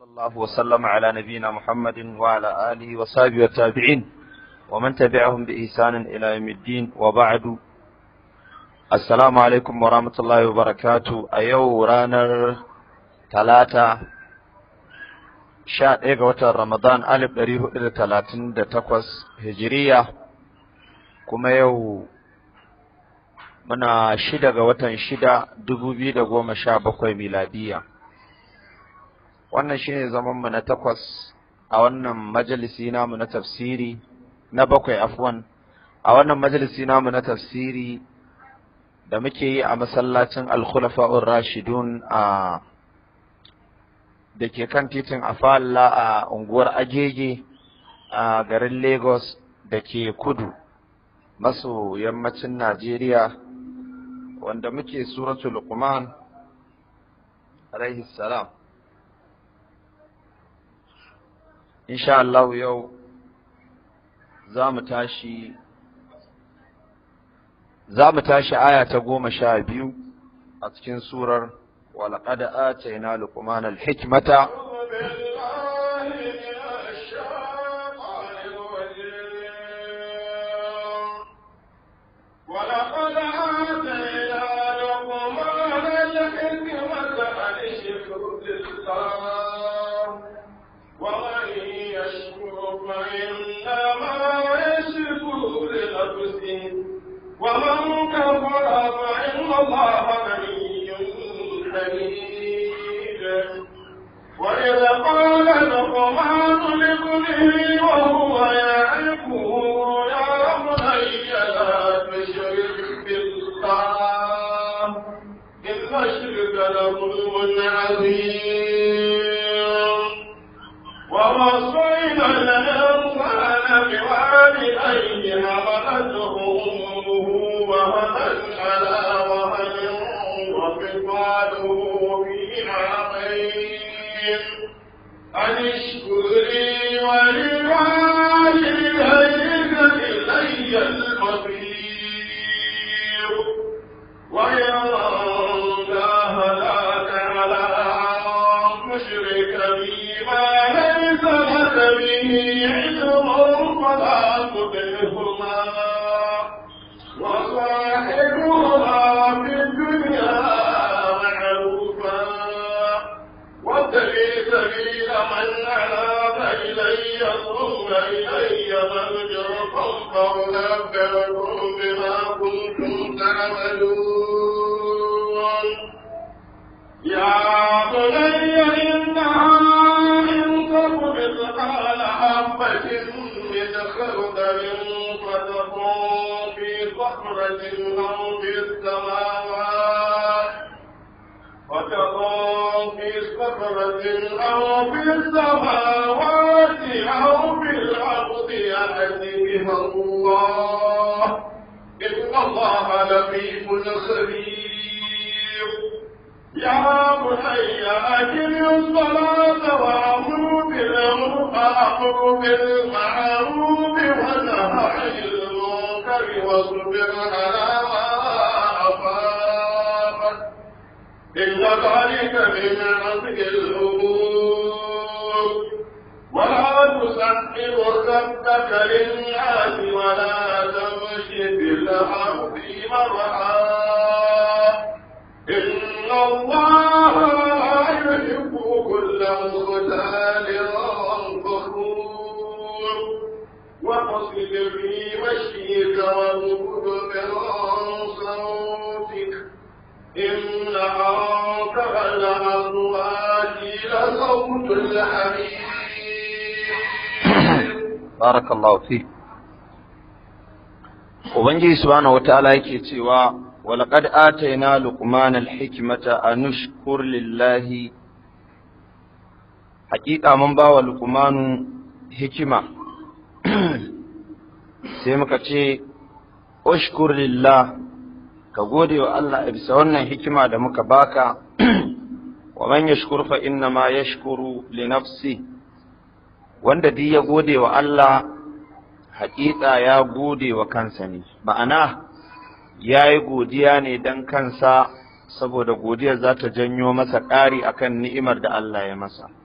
صلى الله وسلم على نبينا محمد وعلى اله وصحبه والتابعين ومن تبعهم باحسان الى يوم الدين وبعد السلام عليكم ورحمه الله وبركاته ايو رانا تلاتا sha ɗaya ga watan ramadan alif ɗari hudu da talatin da takwas hijiriya kuma yau muna shida ga watan shida dubu biyu da goma sha bakwai miladiya wannan shine zaman mu na takwas a wannan majalisi namu na tafsiri na bakwai afwan a wannan majalisi namu na tafsiri da muke yi a masallacin al-khulafa'ur rashidun a da ke kan titin afalla a unguwar agege a garin lagos da ke kudu maso yammacin najeriya wanda muke suratul luqman alaihi salam insha Allah yau za mu tashi za mu tashi aya ta goma sha biyu a cikin surar walaƙada a ta yana lukumanar hikmata ومن كفر فإن الله غني حميد وإذ قال لقمان لابنه وهو يعرفه يا بني لا تشرك بالله إن الشرك لظلم عظيم ووصينا الإنسان بوالديه حملته له فيها خير أن إلي المصير وإن جاهداك على أن تشرك بي ما ليس لك به علم فلا وصاحبهما وأخبرنا فلكم بما كنتم تعملون يا بني إنها إن تك مثقال حبة من خردل فتكون في صخرة أو في السماوات فتكون في صخرة أو في السماوات أو رحم الله إن الله لطيف خبير يا بني أجل الصلاة وأمر بالأمر وأمر بالمعروف ونهى عن المنكر واصبر على ما أصابك إن ذلك من عزم الأمور ولا تسبح ربك للناس ولا تمشي في الأرض مرحا إن الله يحب كل مختال فخور وقصد في مشيك وقصد من صوتك إن أنكر الأزواج لصوت الحميد barakallahu fi ubangiji subhanahu wataala yake cewa walaqad atayna luqman alhikmata anushkur lillahi haƙiƙa mun ba wa luqmanu hikima sai muka ce ushkur lillah ka gode wa Allah a bisa wannan hikima da muka baka wa man yashkur fa inna wanda duk ya gode wa Allah hakika ya gode wa kansa ne ma'ana ya yi godiya ne dan kansa saboda godiyar za ta janyo masa ƙari akan ni'imar da Allah ya masa